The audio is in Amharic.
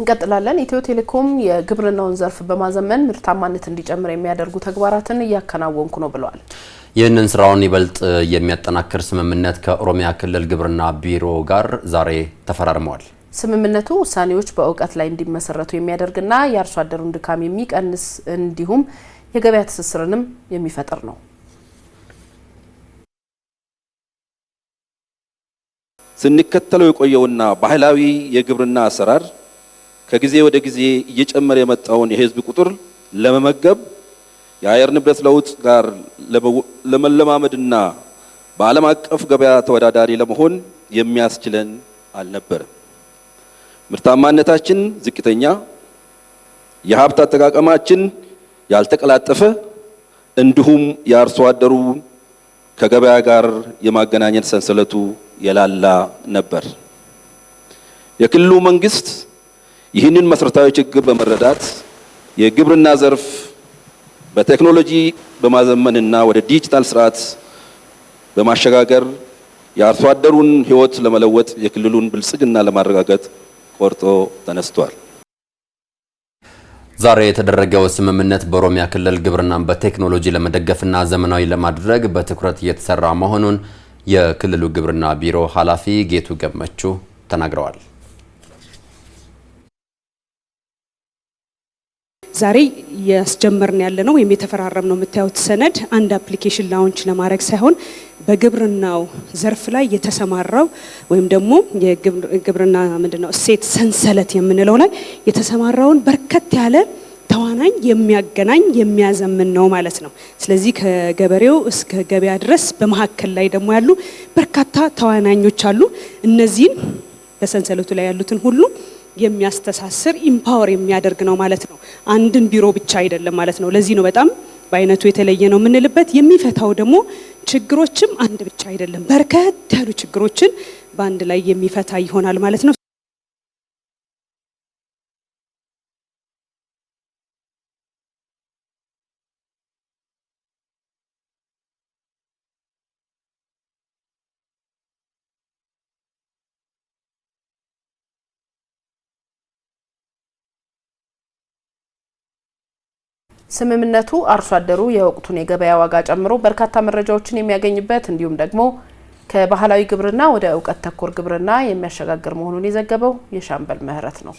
እንቀጥላለን። ኢትዮ ቴሌኮም የግብርናውን ዘርፍ በማዘመን ምርታማነት እንዲጨምር የሚያደርጉ ተግባራትን እያከናወንኩ ነው ብለዋል። ይህንን ስራውን ይበልጥ የሚያጠናክር ስምምነት ከኦሮሚያ ክልል ግብርና ቢሮ ጋር ዛሬ ተፈራርመዋል። ስምምነቱ ውሳኔዎች በእውቀት ላይ እንዲመሰረቱ የሚያደርግና የአርሶ አደሩን ድካም የሚቀንስ እንዲሁም የገበያ ትስስርንም የሚፈጥር ነው። ስንከተለው የቆየውና ባህላዊ የግብርና አሰራር ከጊዜ ወደ ጊዜ እየጨመረ የመጣውን የህዝብ ቁጥር ለመመገብ የአየር ንብረት ለውጥ ጋር ለመለማመድና በዓለም አቀፍ ገበያ ተወዳዳሪ ለመሆን የሚያስችለን አልነበረም። ምርታማነታችን ዝቅተኛ፣ የሀብት አጠቃቀማችን ያልተቀላጠፈ እንዲሁም የአርሶ አደሩ ከገበያ ጋር የማገናኘት ሰንሰለቱ የላላ ነበር። የክልሉ መንግስት ይህንን መሰረታዊ ችግር በመረዳት የግብርና ዘርፍ በቴክኖሎጂ በማዘመንና ወደ ዲጂታል ስርዓት በማሸጋገር የአርሶ አደሩን ህይወት ለመለወጥ የክልሉን ብልጽግና ለማረጋገጥ ቆርጦ ተነስቷል። ዛሬ የተደረገው ስምምነት በኦሮሚያ ክልል ግብርናን በቴክኖሎጂ ለመደገፍና ዘመናዊ ለማድረግ በትኩረት እየተሰራ መሆኑን የክልሉ ግብርና ቢሮ ኃላፊ ጌቱ ገመቹ ተናግረዋል። ዛሬ እያስጀመርን ያለ ነው ወይም የተፈራረም ነው የምታዩት ሰነድ አንድ አፕሊኬሽን ላውንች ለማድረግ ሳይሆን በግብርናው ዘርፍ ላይ የተሰማራው ወይም ደግሞ የግብርና ምንድነው እሴት ሰንሰለት የምንለው ላይ የተሰማራውን በርከት ያለ ተዋናኝ የሚያገናኝ የሚያዘምን ነው ማለት ነው። ስለዚህ ከገበሬው እስከ ገበያ ድረስ በመካከል ላይ ደግሞ ያሉ በርካታ ተዋናኞች አሉ። እነዚህን በሰንሰለቱ ላይ ያሉትን ሁሉ የሚያስተሳስር ኢምፓወር የሚያደርግ ነው ማለት ነው። አንድን ቢሮ ብቻ አይደለም ማለት ነው። ለዚህ ነው በጣም በአይነቱ የተለየ ነው የምንልበት። የሚፈታው ደግሞ ችግሮችም አንድ ብቻ አይደለም፣ በርከት ያሉ ችግሮችን በአንድ ላይ የሚፈታ ይሆናል ማለት ነው። ስምምነቱ አርሶ አደሩ የወቅቱን የገበያ ዋጋ ጨምሮ በርካታ መረጃዎችን የሚያገኝበት እንዲሁም ደግሞ ከባህላዊ ግብርና ወደ እውቀት ተኮር ግብርና የሚያሸጋግር መሆኑን የዘገበው የሻምበል ምህረት ነው።